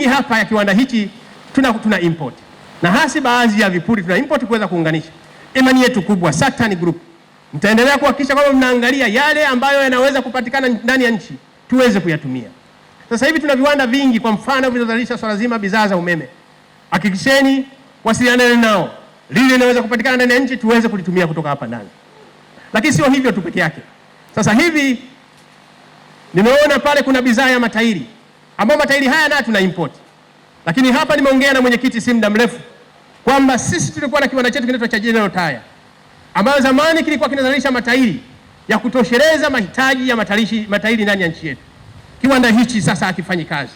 mengi hapa ya kiwanda hichi tuna, tuna import na hasi baadhi ya vipuri tuna import kuweza kuunganisha. Imani yetu kubwa Saturn Group mtaendelea kuhakikisha kwamba mnaangalia yale ambayo yanaweza kupatikana ndani ya nchi tuweze kuyatumia. Sasa hivi tuna viwanda vingi, kwa mfano vinazalisha swala zima bidhaa za umeme. Hakikisheni wasilianeni nao, lile linaweza kupatikana ndani ya nchi tuweze kulitumia kutoka hapa ndani. Lakini sio hivyo tu peke yake. Sasa hivi nimeona pale kuna bidhaa ya matairi ambayo matairi haya nayo tuna import. Lakini hapa nimeongea na mwenyekiti si muda mrefu kwamba sisi tulikuwa na kiwanda chetu kinaitwa cha General Tyre ambayo zamani kilikuwa kinazalisha matairi ya kutosheleza mahitaji ya matarishi, matairi ndani ya nchi yetu. Kiwanda hichi sasa hakifanyi kazi,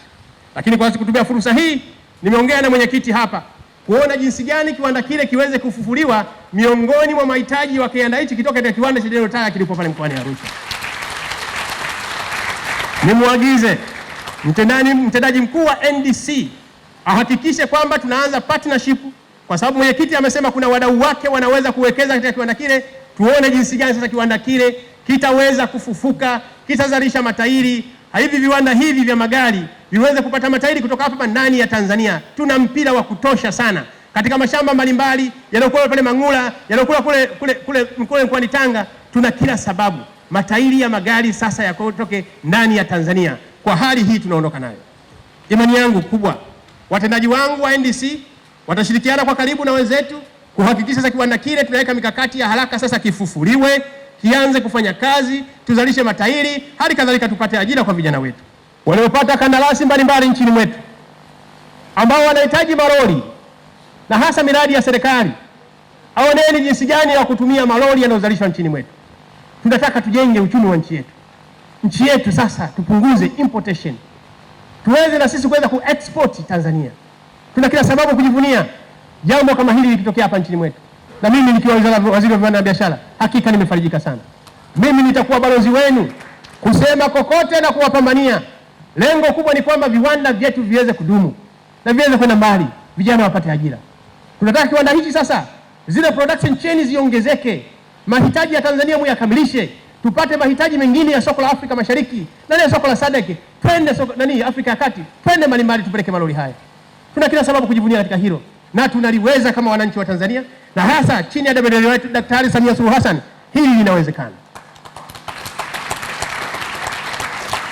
lakini kwa kutumia fursa hii nimeongea na mwenyekiti hapa kuona jinsi gani kiwanda kile kiweze kufufuliwa miongoni mwa mahitaji wa kiwanda hichi kitoka katika kiwanda cha General Tyre kilipo pale mkoani Arusha. Nimwagize Mtendaji, mtendaji mkuu wa NDC ahakikishe kwamba tunaanza partnership, kwa sababu mwenyekiti amesema kuna wadau wake wanaweza kuwekeza katika kiwanda kile. Tuone jinsi gani sasa kiwanda kile kitaweza kufufuka, kitazalisha matairi hivi viwanda hivi vya magari viweze kupata matairi kutoka hapa ndani ya Tanzania. Tuna mpira wa kutosha sana katika mashamba mbalimbali yaliyokuwa pale Mang'ula, yaliyokuwa kule kule kule mkoani Tanga. Tuna kila sababu matairi ya magari sasa yakotoke ndani ya Tanzania. Kwa hali hii tunaondoka nayo, imani yangu kubwa watendaji wangu wa NDC watashirikiana kwa karibu na wenzetu kuhakikisha sasa kiwanda kile tunaweka mikakati ya haraka sasa kifufuliwe, kianze kufanya kazi, tuzalishe matairi, hali kadhalika tupate ajira kwa vijana wetu waliopata kandarasi mbalimbali nchini mwetu ambao wanahitaji malori na hasa miradi ya serikali. Aoneni jinsi gani ya kutumia malori yanayozalishwa nchini mwetu. Tunataka tujenge uchumi wa nchi yetu nchi yetu sasa tupunguze importation, tuweze na sisi kuweza kuexport Tanzania. Tuna kila sababu kujivunia jambo kama hili likitokea hapa nchini mwetu, na mimi nikiwa waziri wa viwanda na biashara, hakika nimefarijika sana. Mimi nitakuwa balozi wenu kusema kokote na kuwapambania. Lengo kubwa ni kwamba viwanda vyetu viweze kudumu na viweze kwenda mbali, vijana wapate ajira. Tunataka kiwanda hichi sasa, zile production chain ziongezeke, mahitaji ya Tanzania muyakamilishe tupate mahitaji mengine ya soko la Afrika Mashariki, nani ya soko la Sadeki, twende soko nani Afrika ya Kati, twende mbalimbali tupeleke malori haya. Tuna kila sababu kujivunia katika hilo na tunaliweza kama wananchi wa Tanzania, na hasa chini ya dabedeleo wetu Daktari Samia Suluhu Hassan, hili linawezekana.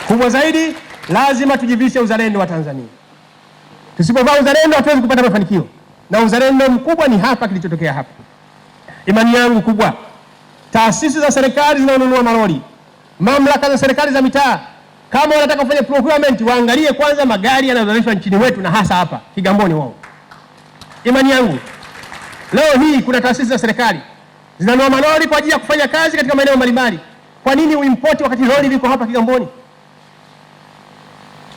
Kubwa zaidi, lazima tujivishe uzalendo wa Tanzania. Tusipovaa uzalendo, hatuwezi kupata mafanikio, na uzalendo mkubwa ni hapa, kilichotokea hapa. Imani yangu kubwa taasisi za serikali zinazonunua malori, mamlaka za serikali za mitaa, kama wanataka kufanya procurement, waangalie kwanza magari yanayozalishwa nchini wetu na hasa hapa Kigamboni. Wao imani yangu leo hii kuna taasisi za serikali zinanunua malori kwa ajili ya kufanya kazi katika maeneo mbalimbali. Kwa nini uimport wakati lori liko hapa Kigamboni?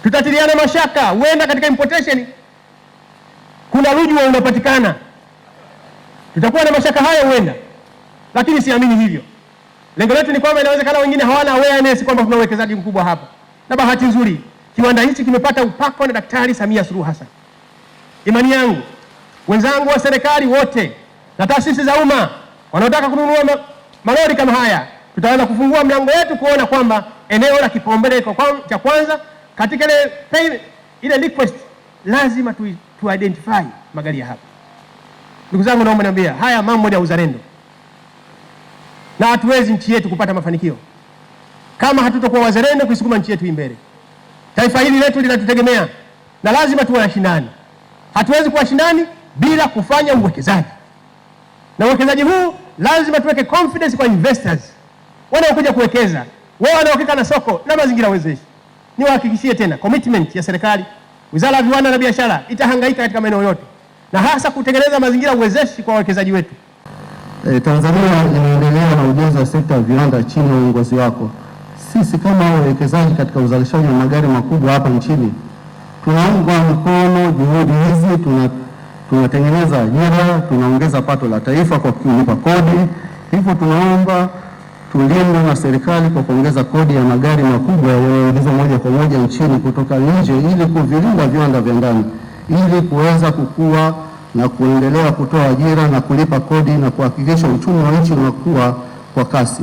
Tutatiliana mashaka, huenda katika importation kuna lujua unapatikana, tutakuwa na mashaka hayo huenda lakini siamini hivyo. Lengo letu ni kwamba inawezekana wengine hawana awareness kwamba kuna uwekezaji mkubwa hapa, na bahati nzuri kiwanda hichi kimepata upako na Daktari Samia Suluhu Hassan. Imani yangu wenzangu wa serikali wote na taasisi za umma wanaotaka kununua ma malori kama haya, tutaweza kufungua mlango wetu kuona kwamba eneo la kipaumbele cha kwanza katika ile pay, ile request lazima tu, tu identify magari ya hapa. Ndugu zangu, naomba niambia haya mambo ya uzalendo na hatuwezi nchi yetu kupata mafanikio kama hatutakuwa wazalendo kuisukuma nchi yetu hii mbele. Taifa hili letu linatutegemea na lazima tuwe washindani. Hatuwezi kuwa washindani bila kufanya uwekezaji, na uwekezaji huu lazima tuweke confidence kwa investors wanaokuja kuwekeza, wao uhakika na soko na mazingira wezeshi. Niwahakikishie tena commitment ya serikali, Wizara ya Viwanda na Biashara itahangaika katika maeneo yote na hasa kutengeneza mazingira wezeshi kwa wawekezaji wetu. E, Tanzania inaendelea na ujenzi wa sekta ya viwanda chini ya uongozi wako. Sisi kama wawekezaji katika uzalishaji wa magari makubwa hapa nchini tunaunga mkono juhudi hizi, tuna tunatengeneza ajira, tunaongeza pato la taifa kwa kulipa kodi. Hivyo tunaomba tulindwe na serikali kwa kuongeza kodi ya magari makubwa yanayoingizwa moja kwa moja nchini kutoka nje, ili kuvilinda viwanda vya ndani ili kuweza kukua na kuendelea kutoa ajira na kulipa kodi na kuhakikisha uchumi wa nchi unakuwa kwa kasi.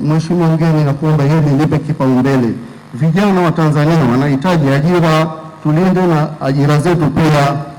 Mheshimiwa mgeni, nakuomba hili lipe kipaumbele. Vijana wa Tanzania wanahitaji ajira, tulinde na ajira zetu pia.